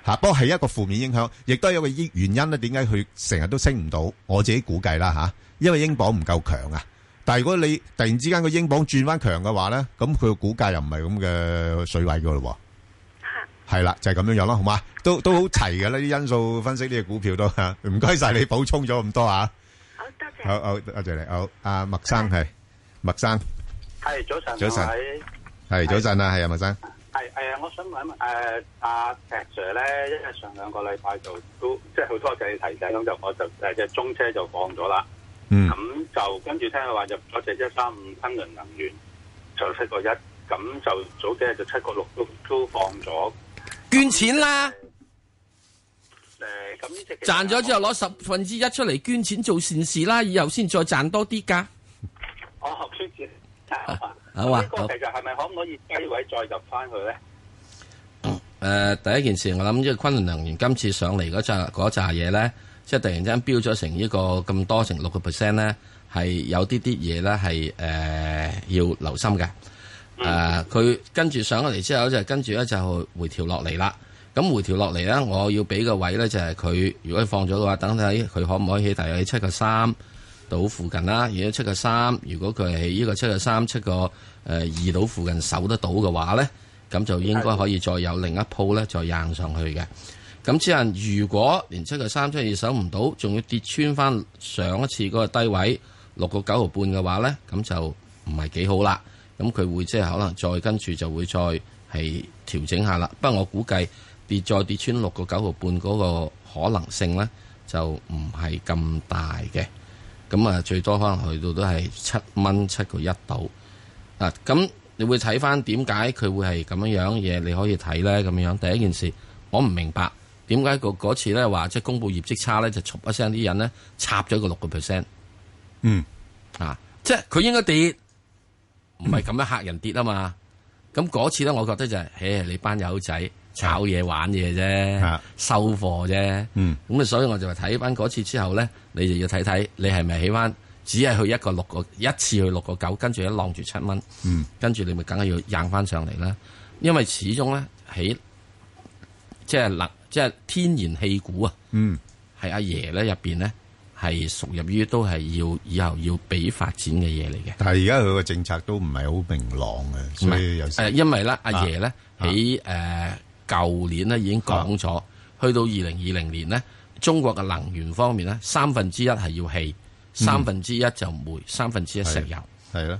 吓，不過係一個負面影響，亦都有個原因咧，點解佢成日都升唔到？我自己估計啦吓，因為英鎊唔夠強啊。但係如果你突然之間個英鎊轉翻強嘅話咧，咁佢個股價又唔係咁嘅水位噶咯喎係啦，就係咁樣樣咯，好嘛？都都好齊噶啦，呢啲因素分析呢隻股票都，唔該晒你補充咗咁多啊。好多謝，好，多謝你。好，阿麥生係麥生，係早晨，早晨。係早晨啊，係啊，文生。係誒，我想問一問誒，阿、呃、石 Sir 咧，一日上兩個禮拜就都即係好多嘅提醒，咁就我就誒即係中車就放咗啦。嗯。咁、嗯、就跟住聽佢話入咗隻一三五昆侖能源就七個一，咁就，就早幾日就七個六都都放咗。捐錢啦！誒、嗯，咁呢隻賺咗之後攞十分之一出嚟捐錢做善事啦，以後先再賺多啲噶。我學識。啊啊啊好啊！其實係咪可唔可以低位再入翻佢咧？誒、呃，第一件事我諗，呢個昆侖能源今次上嚟嗰扎扎嘢咧，即係突然間飆咗成、這個、成呢個咁多成六個 percent 咧，係有啲啲嘢咧係誒要留心嘅。誒、呃，佢跟住上咗嚟之後，就跟住咧就回調落嚟啦。咁回調落嚟咧，我要俾個位咧就係、是、佢，如果放咗嘅話，等睇佢可唔可以喺，大約喺七個三到附近啦。3，如果七個三，如果佢係呢個七個三七個。誒二島附近守得到嘅話呢，咁就應該可以再有另一鋪呢，再硬上去嘅。咁之後，如果連七個三、七二守唔到，仲要跌穿翻上一次個低位六個九毫半嘅話呢，咁就唔係幾好啦。咁佢會即係可能再跟住就會再係調整下啦。不過我估計跌再跌穿六個九毫半嗰個可能性呢，就唔係咁大嘅。咁啊，最多可能去到都係七蚊七個一度。啊，咁你會睇翻點解佢會係咁樣樣嘢？你可以睇咧咁樣。第一件事，我唔明白點解嗰次咧話即係公布業績差咧，就唰一聲啲人咧插咗個六個 percent。嗯，啊，即係佢應該跌，唔係咁樣嚇人跌啊嘛。咁嗰、嗯、次咧，我覺得就係、是，誒，你班友仔炒嘢玩嘢啫，嗯、收貨啫。嗯，咁、啊、所以我就話睇翻嗰次之後咧，你就要睇睇你係咪起翻。只係去一個六個一次去六個九，跟住一浪住七蚊，嗯、跟住你咪梗係要掹翻上嚟啦。因為始終咧，喺即係能即係天然氣股啊，係、嗯、阿爺咧入邊咧係屬入於都係要以後要俾發展嘅嘢嚟嘅。但係而家佢個政策都唔係好明朗啊，所以有時係是因為咧，阿爺咧喺誒舊年咧已經講咗，啊啊、去到二零二零年咧，中國嘅能源方面咧三分之一係要氣。三分之一就煤，三分之一石油，係咯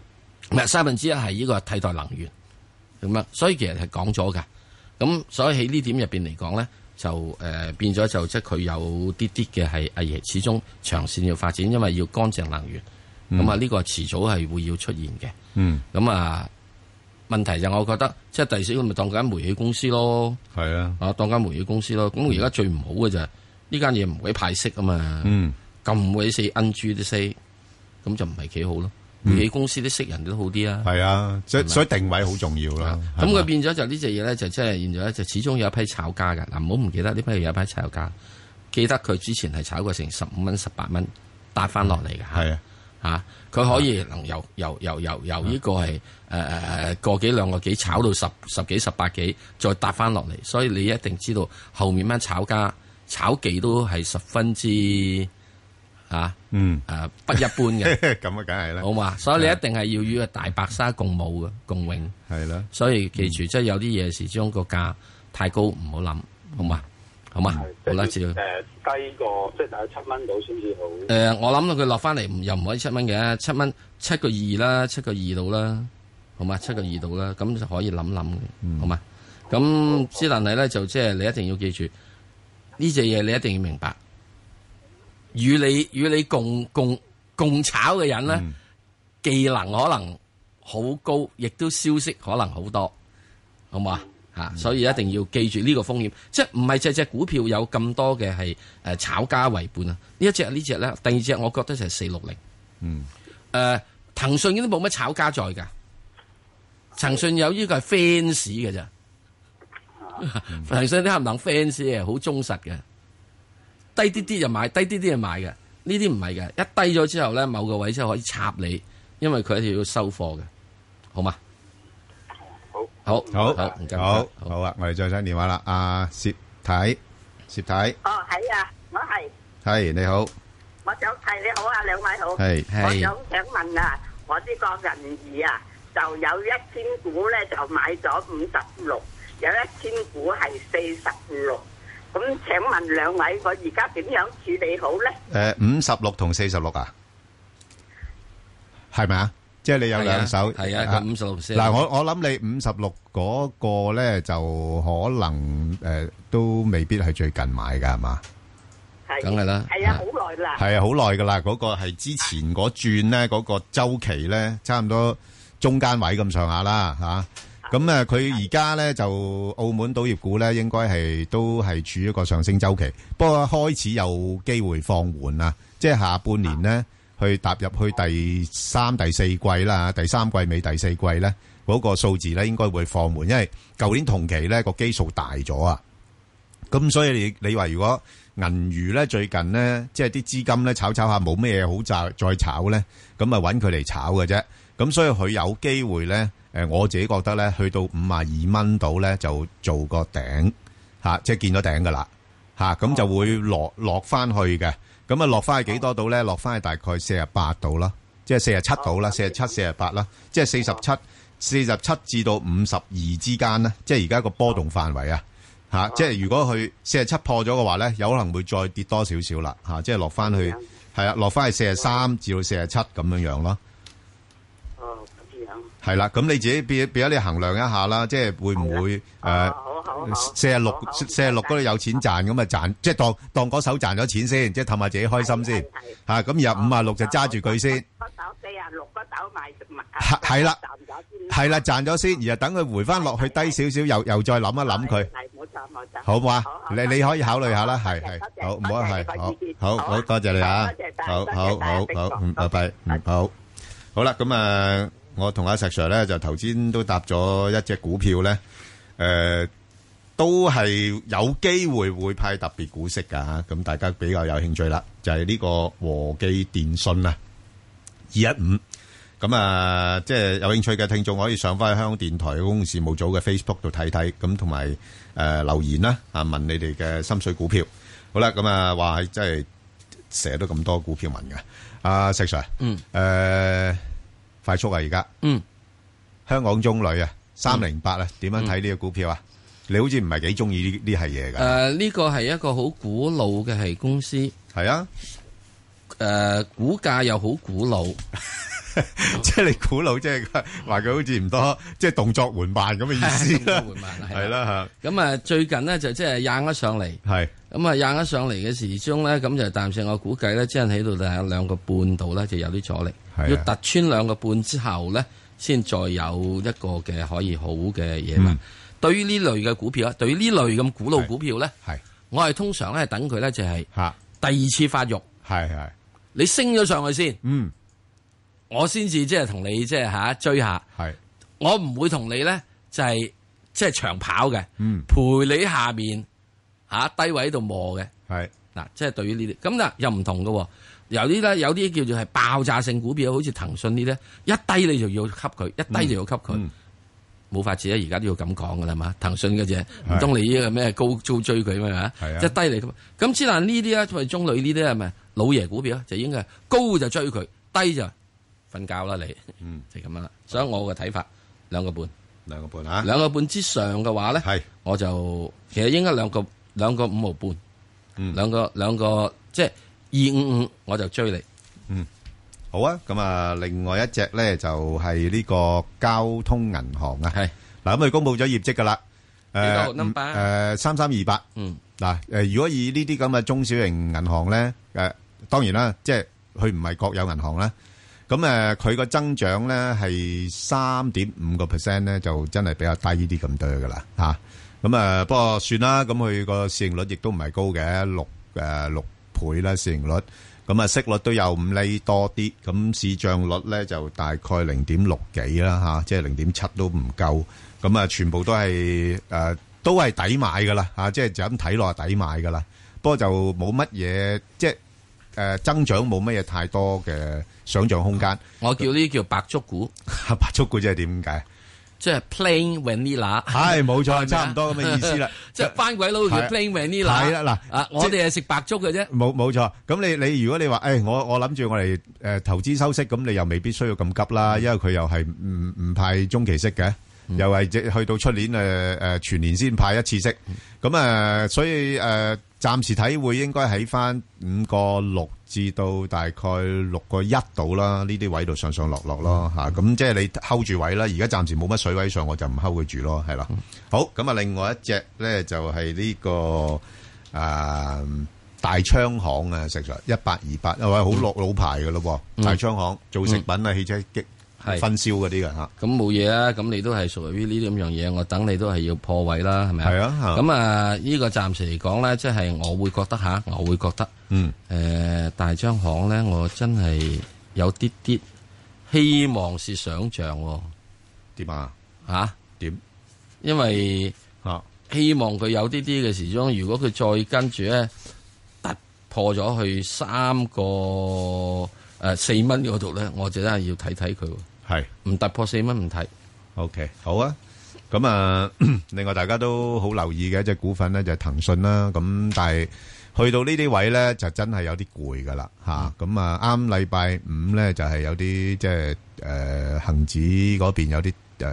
的，是三分之一係呢個替代能源，咁樣的，所以其實係講咗噶，咁所以喺呢點入邊嚟講咧，就誒、呃、變咗就即係佢有啲啲嘅係阿爺，始終長線要發展，因為要乾淨能源，咁啊呢個遲早係會要出現嘅，嗯，咁啊問題就我覺得即係第時佢咪當間煤氣公司咯，係的啊，啊當間煤氣公司咯，咁而家最唔好嘅就係呢間嘢唔會派息啊嘛，嗯。嗯咁鬼四 NG 啲四，咁就唔係幾好咯。你、嗯、公司啲識人都好啲啊，係啊，所以所以定位好重要啦。咁佢、啊、吧變咗就呢隻嘢咧，就即、就、係、是、現在，咧就始終有一批炒家嘅嗱，唔好唔記得呢批有一批炒家，記得佢之前係炒過成十五蚊、十八蚊，搭翻落嚟嘅嚇嚇，佢可以能由由由由由呢個係誒誒誒個幾兩個幾炒到十十幾十八幾再搭翻落嚟，所以你一定知道，定知道後面班炒家炒幾都係十分之。啊，嗯，誒，不一般嘅，咁啊，梗係啦，好嘛，所以你一定係要與大白鯊共舞嘅，共榮，係咯，所以記住，即係有啲嘢時將個價太高，唔好諗，好嘛，好嘛，好啦，照，誒，低過，即係大概七蚊到先至好，誒，我諗到佢落翻嚟，又唔可以七蚊嘅，七蚊七個二啦，七個二度啦，好嘛，七個二度啦，咁就可以諗諗，好嘛，咁只能係咧，就即係你一定要記住呢隻嘢，你一定要明白。與你與你共共共炒嘅人咧，嗯、技能可能好高，亦都消息可能好多，好唔好啊？吓、嗯，所以一定要記住呢個風險，即係唔係隻隻股票有咁多嘅係誒炒家為伴啊！一隻一隻呢一隻呢隻咧，第二隻我覺得就係四六零，嗯，誒騰訊呢都冇乜炒家在噶，騰訊有呢個係 fans 嘅咋，騰訊啲係唔係 fans 啊，好 忠實嘅。低啲啲就買，低啲啲就買嘅，呢啲唔係嘅。一低咗之後咧，某個位先可以插你，因為佢一定要收貨嘅，好嘛？好，好，好，好，好啊！我哋再上電話啦，阿薛太，薛太，哦，係啊，我係，係你好，我想係你好啊，兩位好，係係，我想想問啊，我呢個銀耳啊，就有一千股咧，就買咗五十六，有一千股係四十六。咁請問兩位，我而家點樣處理好咧？誒，五十六同四十六啊，係咪啊？即係你有兩手？係啊，咁五十六四。嗱，我我諗你五十六嗰個咧，就可能誒，都未必係最近買噶，係嘛？係，梗係啦。係啊，好耐啦。係啊，好耐噶啦，嗰個係之前嗰轉咧，嗰個周期咧，差唔多中間位咁上下啦，吓。咁啊，佢而家呢，就澳門賭業股呢，應該係都係處於一個上升周期。不過開始有機會放緩啦，即係下半年呢，去踏入去第三、第四季啦，第三季尾、第四季呢，嗰個數字呢，應該會放緩，因為舊年同期呢個基數大咗啊。咁所以你你話如果銀娛呢最近呢，即係啲資金呢炒炒下冇咩好揸，再炒呢，咁啊揾佢嚟炒嘅啫。咁所以佢有機會呢。誒、呃、我自己覺得咧，去到五十二蚊度咧，就做個頂嚇、啊，即係見到頂噶啦嚇，咁、啊、就會落落翻去嘅。咁啊落翻去幾多度咧？落翻去、啊、去、去大概四十八度啦，即係四十七度啦，四十七四十八啦，即係四十七四十七至到五十二之間咧、啊，即係而家個波動範圍啊嚇。即係如果佢四十七破咗嘅話咧，有可能會再跌多少少啦嚇，即係落翻去係、嗯、啊，落翻去四十三至到四十七咁樣樣咯。47，啊係啦，咁你自己變咗變咗，你衡量一下啦，即係會唔會誒四廿六四廿六嗰度有錢賺，咁啊賺，即係當當嗰手賺咗錢先，即係氹下自己開心先吓。咁而家五廿六就揸住佢先。嗰手四廿六，嗰手賣十萬。係啦，係啦，賺咗先，然後等佢回翻落去低少少，又又再諗一諗佢。係冇錯冇錯。好嘛，你你可以考慮下啦，係係好，唔好係好，好好多謝你啊，好好好好，嗯，拜拜，嗯，好好啦，咁啊。我同阿石 Sir 咧，就頭先都搭咗一隻股票咧，誒，都係有機會會派特別股息噶，咁大家比較有興趣啦，就係呢個和記電訊啦，二一五，咁啊，即係有興趣嘅聽眾可以上翻去香港電台公共事務組嘅 Facebook 度睇睇，咁同埋誒留言啦，啊，問你哋嘅心水股票，好啦，咁啊話即係寫到咁多股票文嘅，阿石 Sir，嗯，誒。快速啊！而家，嗯，香港中旅啊，三零八啊，點、嗯、樣睇呢個股票啊？嗯、你好似唔係幾中意呢啲係嘢噶。誒，呢個係一個好古老嘅係公司，係啊，誒、呃，股價又好古老。 即係你古老，即係話佢好似唔多，即係動作緩慢咁嘅意思啦。動作緩慢，係啦，咁啊，啊啊啊最近呢，就即係硬咗上嚟，係咁啊，硬咗上嚟嘅時中咧，咁就但是我估計咧，即係喺度係兩個半度咧，就有啲阻力，啊、要突穿兩個半之後咧，先再有一個嘅可以好嘅嘢嘛，嗯對。對於呢類嘅股票啊，對於呢類咁古老股票咧，係、啊、我係通常咧等佢咧就係第二次發育，係係、啊、你升咗上去先，啊、嗯。我先至即係同你即係吓追一下，係是我唔會同你咧就係即係長跑嘅，嗯，陪你下面，吓低位喺度磨嘅，係嗱是，即係對於呢啲咁嗱又唔同嘅，有啲咧有啲叫做係爆炸性股票，好似騰訊呢啲，一低你就要吸佢，一低就要吸佢，冇、嗯、法子啊！而家都要咁講噶啦嘛，騰訊嘅啫，唔通你呢個咩高做追佢咩啊？係啊是，即係低嚟噶嘛。咁之但呢啲咧，作為中類呢啲咧，咪老爺股票就應該係高就追佢，低就。瞓覺啦，你嗯就咁啦，所以我嘅睇法兩個半，兩個半吓，兩個半之上嘅話咧，係我就其實應該兩個兩個五毫半，嗯兩個兩個即係二五五，我就追你嗯好啊，咁啊，另外一隻咧就係呢個交通銀行啊，係嗱咁佢公布咗業績噶啦，幾多 number 誒三三二八嗯嗱誒，如果以呢啲咁嘅中小型銀行咧誒，當然啦，即係佢唔係國有銀行啦。咁誒，佢個增長咧係三點五個 percent 咧，就真係比較低啲咁多噶啦嚇。咁誒，不過算啦。咁佢個市盈率亦都唔係高嘅，六誒六倍啦，市盈率。咁啊息率都有五厘多啲。咁市賬率咧就大概零點六幾啦嚇，即係零點七都唔夠。咁啊，全部都係誒，都係抵買噶啦嚇，即係就咁睇落係抵買噶啦。不過就冇乜嘢，即係。誒、呃，增長冇乜嘢太多嘅想象空間。我叫呢啲叫白粥股， 白粥股即係點解？即係 plain vanilla，係冇錯，差唔多咁嘅意思啦。即係番鬼佬叫 plain vanilla，係啦嗱，我哋係食白粥嘅啫。冇冇錯。咁你你如果你話誒、哎，我我諗住我哋誒投資收息，咁你又未必需要咁急啦，因為佢又係唔唔派中期息嘅。又係即去到出年誒誒、呃、全年先派一次息，咁啊、呃，所以誒暫、呃、時睇會應該喺翻五個六至到大概六個一度啦，呢啲位度上上落落咯吓，咁、嗯啊、即係你 hold 住位啦。而家暫時冇乜水位上，我就唔 hold 佢住咯，係啦。嗯、好，咁啊，另外一隻咧就係、是、呢、這個誒、呃、大昌行啊，食咗一八二八，因為啊好落老牌噶咯，嗯、大昌行做食品啊，汽車激。係是分銷嗰啲嘅嚇，咁冇嘢啊！咁、啊、你都係屬於呢啲咁樣嘢，我等你都係要破位啦，係咪吧啊？啊！咁是啊,啊，呢、這個暫時嚟講咧，即、就、係、是、我會覺得嚇、啊，我會覺得，嗯、呃，誒大張行咧，我真係有啲啲希望是想像喎。點啊？嚇點、啊？樣因為嚇、啊、希望佢有啲啲嘅時鐘，如果佢再跟住咧突破咗去三個誒四蚊嗰度咧，我就真係要睇睇佢。係唔是突破四蚊唔睇，OK 好啊。咁啊，另外大家都好留意嘅一隻股份咧，就係騰訊啦。咁但係去到呢啲位咧，就真係有啲攰噶啦吓。咁、嗯、啊，啱禮拜五咧，就係、是、有啲即係誒恒指嗰邊有啲誒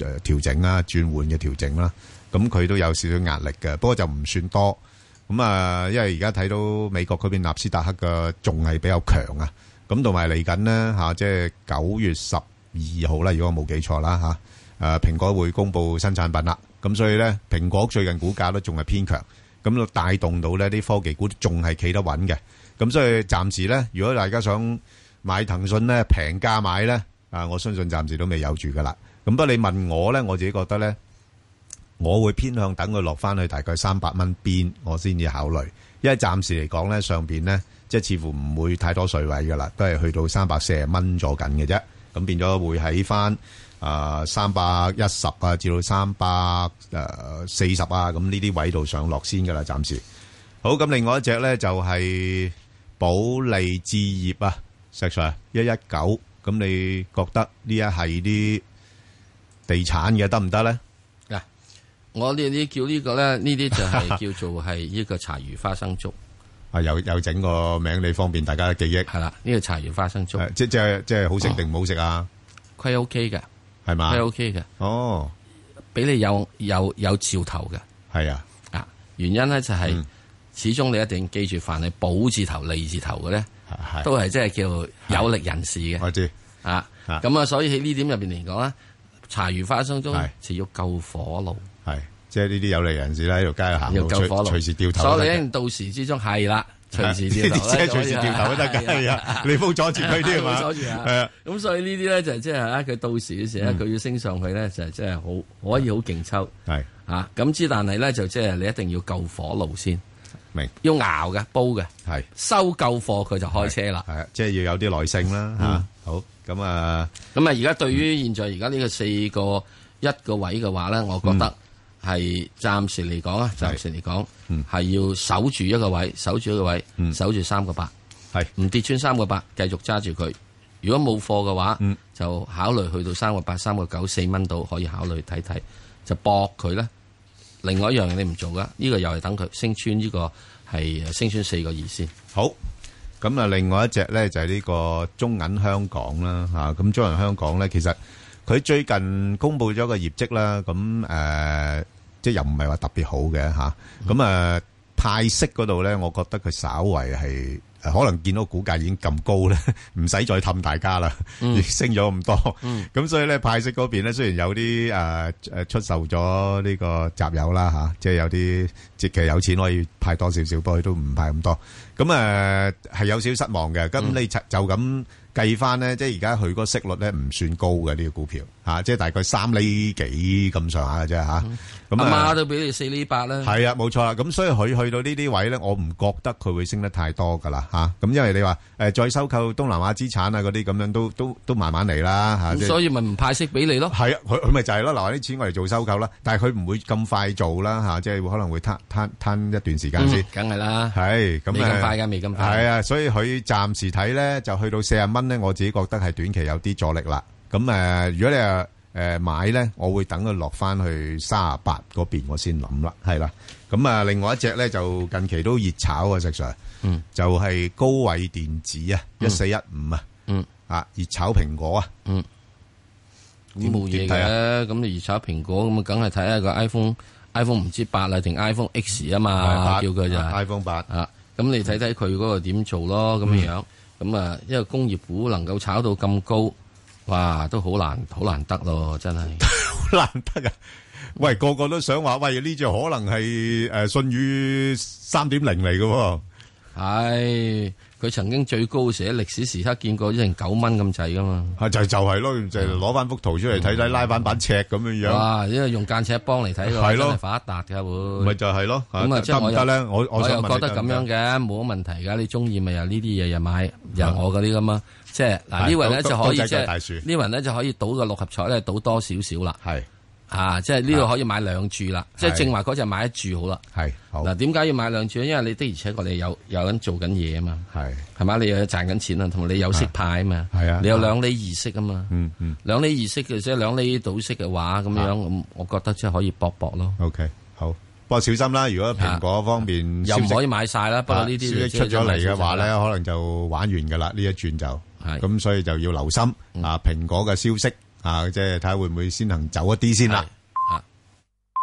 誒調整啦，轉換嘅調整啦。咁、啊、佢都有少少壓力嘅，不過就唔算多。咁啊，因為而家睇到美國嗰邊納斯達克嘅仲係比較強啊。咁同埋嚟緊呢，吓、啊，即係九月十二號啦，如果我冇記錯啦吓，誒、啊、蘋果會公布新產品啦，咁所以呢，蘋果最近股價都仲係偏強，咁就帶動到呢啲科技股仲係企得穩嘅，咁所以暫時呢，如果大家想買騰訊呢，平價買呢，啊我相信暫時都未有住噶啦，咁不過你問我呢，我自己覺得呢，我會偏向等佢落翻去大概三百蚊邊，我先至考慮，因為暫時嚟講呢，上邊呢。即係似乎唔會太多水位㗎啦，都係去到三百四十蚊咗緊嘅啫。咁變咗會喺翻啊三百一十啊至到三百誒四十啊咁呢啲位度上落先㗎啦，暫時。好咁，另外一隻咧就係保利置業啊，石 Sir 一一九。咁你覺得呢一係啲地產嘅得唔得咧？嗱、啊，我呢啲叫呢個咧，呢啲就係叫做係呢個柴魚花生粥。 啊，又又整個名，你方便大家記憶。係啦，呢個茶餘花生粥，即即即係好食定唔好食啊？虧 OK 嘅，係嘛？虧 OK 嘅，哦，俾你有有有兆頭嘅，係啊，啊原因咧就係，始終你一定記住，凡係寶字頭、利字頭嘅咧，都係即係叫有力人士嘅。我知啊，咁啊，所以喺呢點入邊嚟講咧，茶餘花生粥就要救火爐。即係呢啲有利人士啦，喺度街度行，火隨時掉頭。所以到時之中係啦，隨時掉頭即係隨時掉頭都得㗎。你封阻住佢啲係咪？阻住啊，係啊。咁所以呢啲咧就即係佢到時嘅時候咧，佢要升上去咧，就係即係好可以好勁抽係啊。咁之但係咧，就即係你一定要救火爐先明，要熬嘅煲嘅係收夠貨，佢就開車啦。係即係要有啲耐性啦嚇。好咁啊，咁啊，而家對於現在而家呢個四個一個位嘅話咧，我覺得。係暫時嚟講啊，暫時嚟講，係、嗯、要守住一個位，守住一個位，嗯、守住三個八，係唔跌穿三個八，繼續揸住佢。如果冇貨嘅話，嗯、就考慮去到三個八、三個九、四蚊度，可以考慮睇睇，就博佢啦。另外一樣嘢你唔做噶，呢個又係等佢升穿呢個係升穿四個二先。好，咁啊，另外一隻咧就係呢個中銀香港啦，吓、啊、咁中銀香港咧其實。佢最近公布咗個業績啦，咁誒即係又唔係話特別好嘅嚇，咁誒派息嗰度咧，我覺得佢稍為係可能見到股價已經咁高咧，唔使再氹大家啦，亦升咗咁多，咁所以咧派息嗰邊咧，雖然有啲誒誒出售咗呢個集友啦嚇，即係有啲即其實有錢可以派多少少，不過都唔派咁多，咁誒係有少少失望嘅，咁你就咁。計翻呢，即係而家佢個息率呢，唔算高嘅呢個股票。啊，即係大概三厘幾咁上下嘅啫吓，咁阿媽都俾你四厘八啦。係啊，冇錯啦。咁所以佢去到呢啲位咧，我唔覺得佢會升得太多噶啦吓。咁因為你話誒再收購東南亞資產啊嗰啲咁樣都都都慢慢嚟啦吓。咁所以咪唔派息俾你咯。係啊，佢佢咪就係咯，留低啲錢我嚟做收購啦。但係佢唔會咁快做啦吓，即係可能會攤攤攤一段時間先。梗係啦。係咁啊。未咁快噶，未咁快。係啊，所以佢暫時睇咧就去到四十蚊咧，我自己覺得係短期有啲阻力啦。咁誒，如果你誒買咧，我會等佢落翻去三十八嗰邊，我先諗啦，係啦。咁啊，另外一隻咧就近期都熱炒啊，直 Sir，嗯，就係、是、高偉電子啊，一四一五啊，嗯啊，熱炒蘋果啊，嗯，冇嘢嘅咁？你熱炒蘋果咁 8, 8, 啊，梗係睇下個 iPhone iPhone 唔知八啊，定 iPhone X 啊嘛，打叫佢就 iPhone 八啊。咁你睇睇佢嗰個點做咯，咁樣樣咁啊。因為工業股能夠炒到咁高。哇，都好難，好難得咯，真係好 難得啊！喂，個個都想話，喂呢隻可能係誒、呃、信譽三點零嚟㗎喎，係。佢曾經最高時喺歷史時刻見過一成九蚊咁滯噶嘛？係就就係咯，就係攞翻幅圖出嚟睇睇，拉翻板尺咁嘅嘢。哇！因為用間尺幫嚟睇，係咯，發達噶會。咪就係咯。咁啊，即係我覺得咧，我我又覺得咁樣嘅冇乜問題噶。你中意咪又呢啲嘢又買，又我嗰啲咁啊。即係嗱，呢位咧就可以即係呢位咧就可以賭個六合彩咧，賭多少少啦。係。啊！即係呢度可以買兩注啦，即係正話嗰隻買一注好啦。係嗱，點解要買兩注咧？因為你的而且確你有有人做緊嘢啊嘛。係係嘛，你又賺緊錢啦，同埋你有息派啊嘛。係啊，你有兩厘二息啊嘛。嗯嗯，兩厘二息嘅即係兩厘倒息嘅話，咁樣咁，我覺得即係可以搏搏咯。OK，好，不過小心啦。如果蘋果方面又唔可以買晒啦，不過呢啲消息出咗嚟嘅話咧，可能就玩完噶啦。呢一轉就係咁，所以就要留心啊，蘋果嘅消息。啊！即係睇下會唔會先行走一啲先啦。